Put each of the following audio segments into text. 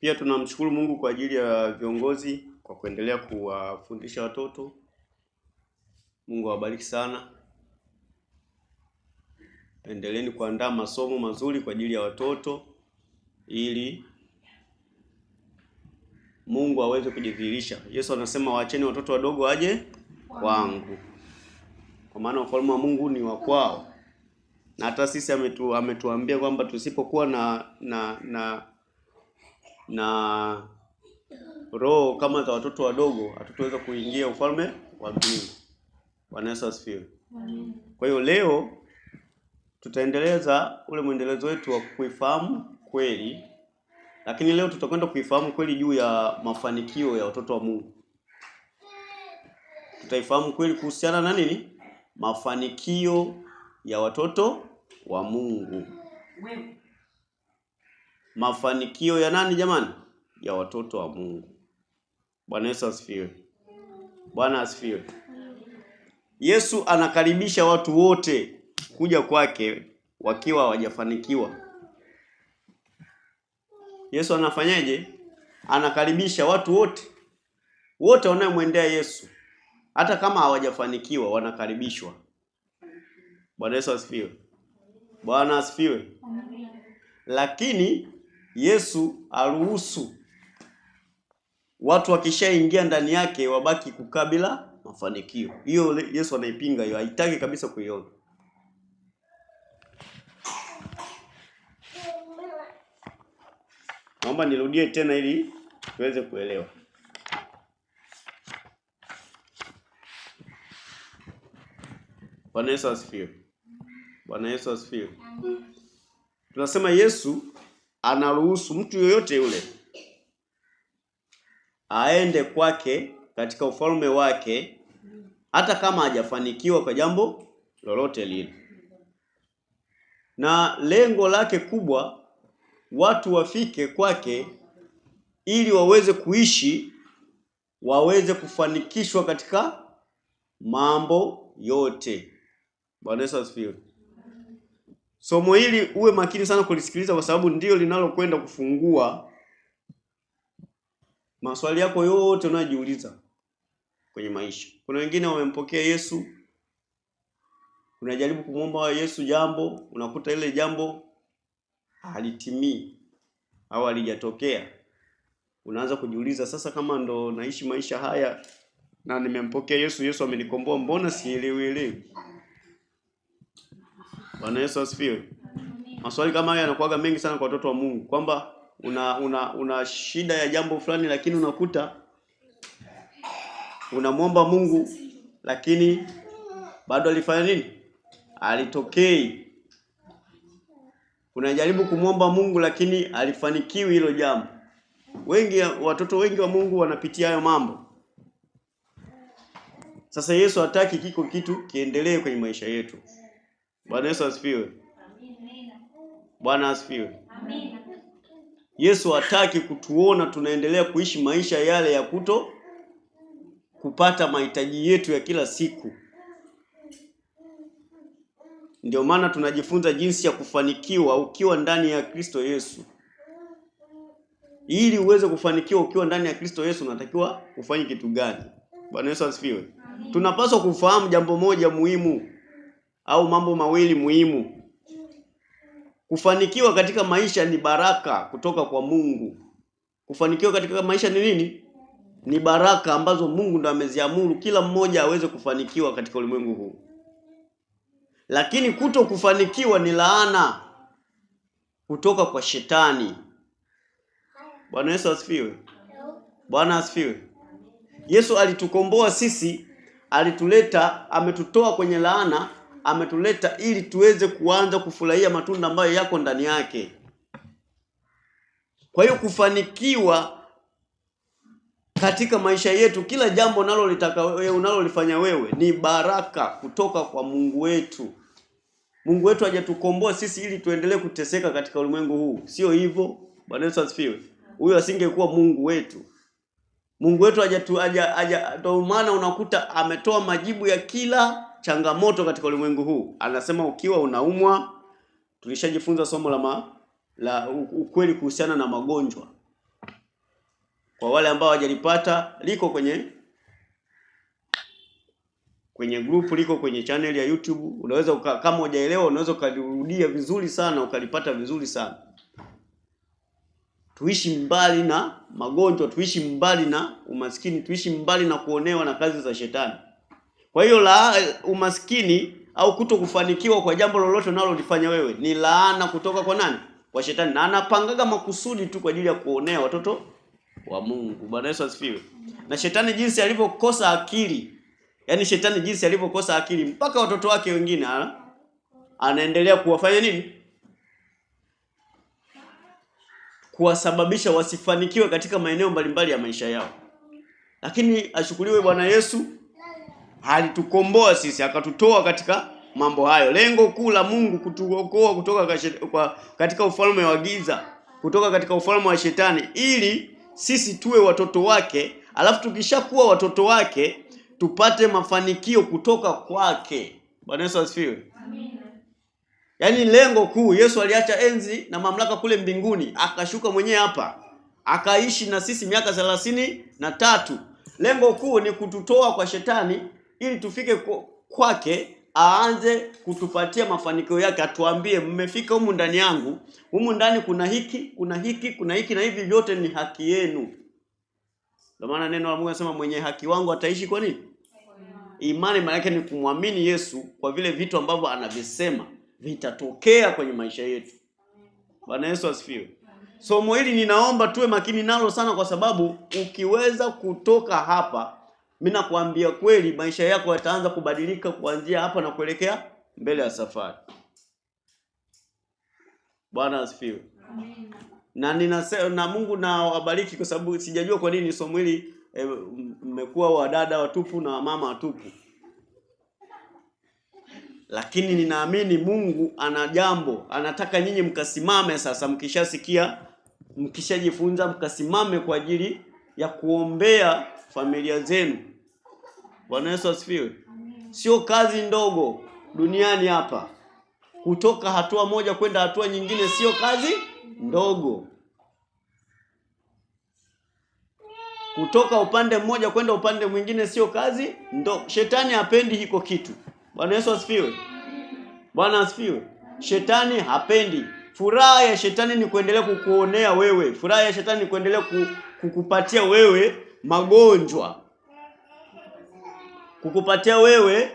Pia tunamshukuru Mungu kwa ajili ya viongozi kwa kuendelea kuwafundisha watoto. Mungu awabariki sana. Endeleeni kuandaa masomo mazuri kwa ajili ya watoto ili Mungu aweze kujidhihirisha. Yesu anasema waacheni watoto wadogo waje kwangu, kwa maana ufalme wa Mungu ni wa kwao. Na hata sisi ametu, ametuambia kwamba tusipokuwa na na na na roho kama za watoto wadogo, hatutaweza kuingia ufalme wa mbinguni. Bwana Yesu asifiwe. Kwa hiyo leo tutaendeleza ule mwendelezo wetu wa kuifahamu kweli, lakini leo tutakwenda kuifahamu kweli juu ya mafanikio ya watoto wa Mungu. Tutaifahamu kweli kuhusiana na nini? Mafanikio ya watoto wa Mungu mafanikio ya nani jamani? Ya watoto wa Mungu. Bwana Yesu asifiwe. Bwana asifiwe. Yesu anakaribisha watu wote kuja kwake wakiwa hawajafanikiwa. Yesu anafanyaje? Anakaribisha watu wote, wote wanayemwendea Yesu, hata kama hawajafanikiwa wanakaribishwa. Bwana Yesu asifiwe. Bwana asifiwe. Lakini Yesu aruhusu watu wakishaingia ndani yake wabaki kukabila mafanikio. Hiyo Yesu anaipinga hiyo, haitaki kabisa kuiona. Naomba nirudie tena ili tuweze kuelewa. Bwana Yesu asifiwe. Bwana Yesu asifiwe. Tunasema Yesu anaruhusu mtu yoyote yule aende kwake katika ufalme wake, hata kama hajafanikiwa kwa jambo lolote lile, na lengo lake kubwa watu wafike kwake ili waweze kuishi, waweze kufanikishwa katika mambo yote. Bwana Yesu asifiwe somo hili uwe makini sana kulisikiliza, kwa sababu ndio linalokwenda kufungua maswali yako yote unayojiuliza kwenye maisha. Kuna wengine wamempokea Yesu, unajaribu kumwomba Yesu jambo, unakuta ile jambo halitimii au halijatokea. Unaanza kujiuliza sasa, kama ndo naishi maisha haya na nimempokea Yesu, Yesu amenikomboa, mbona sielewi elewi? Bwana Yesu asifiwe. Maswali kama haya yanakuwaga mengi sana kwa watoto wa Mungu kwamba una, una una shida ya jambo fulani, lakini unakuta unamwomba Mungu lakini bado alifanya nini? Alitokei. Unajaribu kumwomba Mungu lakini alifanikiwi hilo jambo. Wengi watoto wengi wa Mungu wanapitia hayo mambo. Sasa Yesu hataki kiko kitu kiendelee kwenye maisha yetu. Bwana Yesu asifiwe. Bwana asifiwe. Amina. Yesu hataki kutuona tunaendelea kuishi maisha yale ya kuto kupata mahitaji yetu ya kila siku. Ndio maana tunajifunza jinsi ya kufanikiwa ukiwa ndani ya Kristo Yesu. Ili uweze kufanikiwa ukiwa ndani ya Kristo Yesu unatakiwa ufanye kitu gani? Bwana Yesu asifiwe. Tunapaswa kufahamu jambo moja muhimu au mambo mawili muhimu. Kufanikiwa katika maisha ni baraka kutoka kwa Mungu. Kufanikiwa katika maisha ni nini? Ni baraka ambazo Mungu ndo ameziamuru kila mmoja aweze kufanikiwa katika ulimwengu huu. Lakini kuto kufanikiwa ni laana kutoka kwa shetani. Bwana Yesu asifiwe. Bwana asifiwe. Yesu alitukomboa sisi, alituleta, ametutoa kwenye laana ametuleta ili tuweze kuanza kufurahia matunda ambayo yako ndani yake. Kwa hiyo kufanikiwa katika maisha yetu, kila jambo unalolitaka wewe, unalolifanya wewe ni baraka kutoka kwa Mungu wetu. Mungu wetu hajatukomboa sisi ili tuendelee kuteseka katika ulimwengu huu, sio hivyo? Bwana Yesu asifiwe. Huyo asingekuwa Mungu wetu. Mungu wetu hajatu haja, haja, ndio maana unakuta ametoa majibu ya kila changamoto katika ulimwengu huu. Anasema ukiwa unaumwa, tulishajifunza somo la ma, la ukweli kuhusiana na magonjwa. Kwa wale ambao hawajalipata, liko kwenye kwenye group, liko kwenye channel ya YouTube. Unaweza uka, kama hujaelewa unaweza ukalirudia vizuri sana ukalipata vizuri sana. Tuishi mbali na magonjwa, tuishi mbali na umaskini, tuishi mbali na kuonewa na kazi za shetani. Kwa hiyo la umaskini au kuto kufanikiwa kwa jambo lolote unalolifanya wewe ni laana kutoka kwa nani? Kwa shetani, na anapangaga makusudi tu kwa ajili ya kuonea watoto wa Mungu. Bwana Yesu asifiwe. Na shetani jinsi alivyokosa akili, yaani shetani jinsi alivyokosa akili, mpaka watoto wake wengine ala, anaendelea kuwafanya nini? Kuwasababisha wasifanikiwe katika maeneo mbalimbali ya maisha yao, lakini ashukuriwe Bwana Yesu alitukomboa sisi, akatutoa katika mambo hayo. Lengo kuu la Mungu kutuokoa kutoka katika ufalme wa giza, kutoka katika ufalme wa Shetani, ili sisi tuwe watoto wake, alafu tukishakuwa watoto wake tupate mafanikio kutoka kwake. Bwana Yesu asifiwe. Yaani lengo kuu, Yesu aliacha enzi na mamlaka kule mbinguni, akashuka mwenyewe hapa, akaishi na sisi miaka thelathini na tatu. Lengo kuu ni kututoa kwa shetani ili tufike kwake aanze kutupatia mafanikio yake, atuambie mmefika humu ndani yangu, humu ndani kuna hiki, kuna hiki, kuna hiki na hivi, vyote ni haki yenu. Ndio maana neno la Mungu anasema mwenye haki wangu ataishi kwa nini? Imani maana yake ni kumwamini Yesu kwa vile vitu ambavyo anavisema vitatokea kwenye maisha yetu. Bwana Yesu asifiwe. Somo hili ninaomba tuwe makini nalo sana, kwa sababu ukiweza kutoka hapa mimi nakwambia kweli, maisha yako yataanza kubadilika kuanzia hapa na kuelekea mbele ya safari. Bwana asifiwe. Na ninasema na Mungu na wabariki, kwa sababu sijajua kwa nini somo hili eh, mmekuwa e, wadada watupu na wamama watupu, lakini ninaamini Mungu ana jambo, anataka nyinyi mkasimame sasa, mkishasikia, mkishajifunza, mkasimame kwa ajili ya kuombea familia zenu. Bwana Yesu asifiwe. Sio kazi ndogo duniani hapa, kutoka hatua moja kwenda hatua nyingine sio kazi ndogo, kutoka upande mmoja kwenda upande mwingine sio kazi ndogo. Shetani hapendi hiko kitu. Bwana Yesu asifiwe. Bwana asifiwe. Shetani hapendi. Furaha ya shetani ni kuendelea kukuonea wewe, furaha ya shetani ni kuendelea kukupatia wewe magonjwa, kukupatia wewe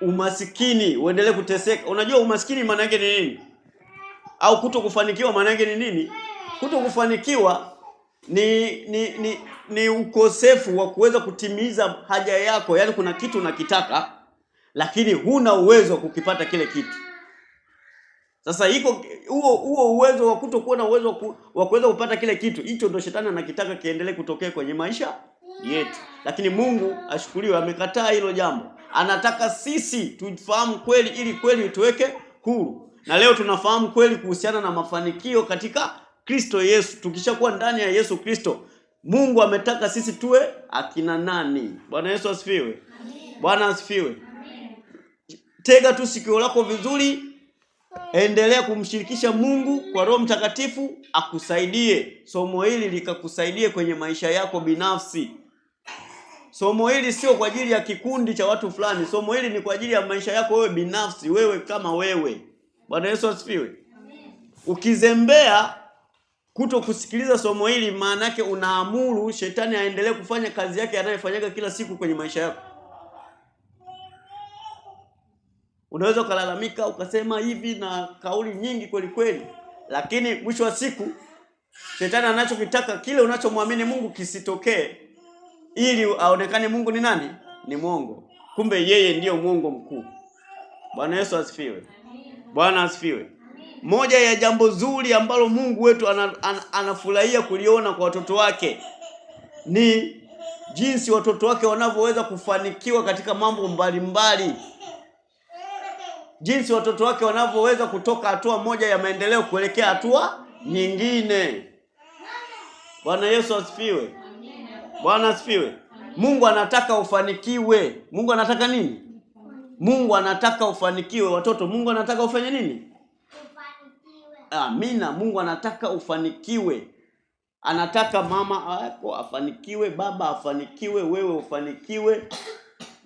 umasikini, uendelee kuteseka. Unajua umasikini maana yake ni nini? Au kuto kufanikiwa maana yake ni nini? Kuto kufanikiwa ni ni ni ni ukosefu wa kuweza kutimiza haja yako, yaani kuna kitu unakitaka lakini huna uwezo wa kukipata kile kitu. Sasa iko huo huo uwezo wa kutokuwa na uwezo wa kuweza kupata kile kitu hicho, ndio shetani anakitaka kiendelee kutokea kwenye maisha yetu, lakini Mungu ashukuriwe, amekataa hilo jambo. Anataka sisi tufahamu kweli, ili kweli tuweke huru, na leo tunafahamu kweli kuhusiana na mafanikio katika Kristo Yesu. Tukishakuwa ndani ya Yesu Kristo, Mungu ametaka sisi tuwe akina nani? Bwana Yesu asifiwe. Bwana asifiwe. Tega tu sikio lako vizuri endelea kumshirikisha Mungu kwa Roho Mtakatifu akusaidie. Somo hili likakusaidie kwenye maisha yako binafsi. Somo hili sio kwa ajili ya kikundi cha watu fulani. Somo hili ni kwa ajili ya maisha yako wewe binafsi, wewe kama wewe. Bwana Yesu asifiwe. Ukizembea kuto kusikiliza somo hili, maana yake unaamuru shetani aendelee kufanya kazi yake anayofanyaga kila siku kwenye maisha yako. Unaweza ukalalamika ukasema hivi na kauli nyingi kweli kweli, lakini mwisho wa siku shetani anachokitaka kile unachomwamini Mungu kisitokee, ili aonekane Mungu ni nani? Ni mwongo. Kumbe yeye ndiyo mwongo mkuu. Bwana Yesu asifiwe. Bwana asifiwe. Moja ya jambo zuri ambalo Mungu wetu ana, ana, anafurahia kuliona kwa watoto wake ni jinsi watoto wake wanavyoweza kufanikiwa katika mambo mbalimbali mbali jinsi watoto wake wanavyoweza kutoka hatua moja ya maendeleo kuelekea hatua nyingine. Bwana Yesu asifiwe. Bwana asifiwe. Mungu anataka ufanikiwe. Mungu anataka nini? Mungu anataka ufanikiwe watoto. Mungu anataka ufanye nini? Amina. Mungu anataka ufanikiwe. Anataka mama yako afanikiwe, baba afanikiwe, wewe ufanikiwe,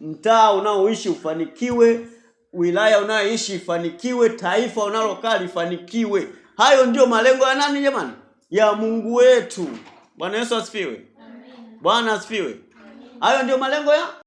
mtaa unaoishi ufanikiwe wilaya unayoishi ifanikiwe, taifa unalokaa lifanikiwe. Hayo ndiyo malengo ya nani jamani? Ya Mungu wetu. Bwana Yesu asifiwe. Bwana asifiwe. Hayo ndiyo malengo ya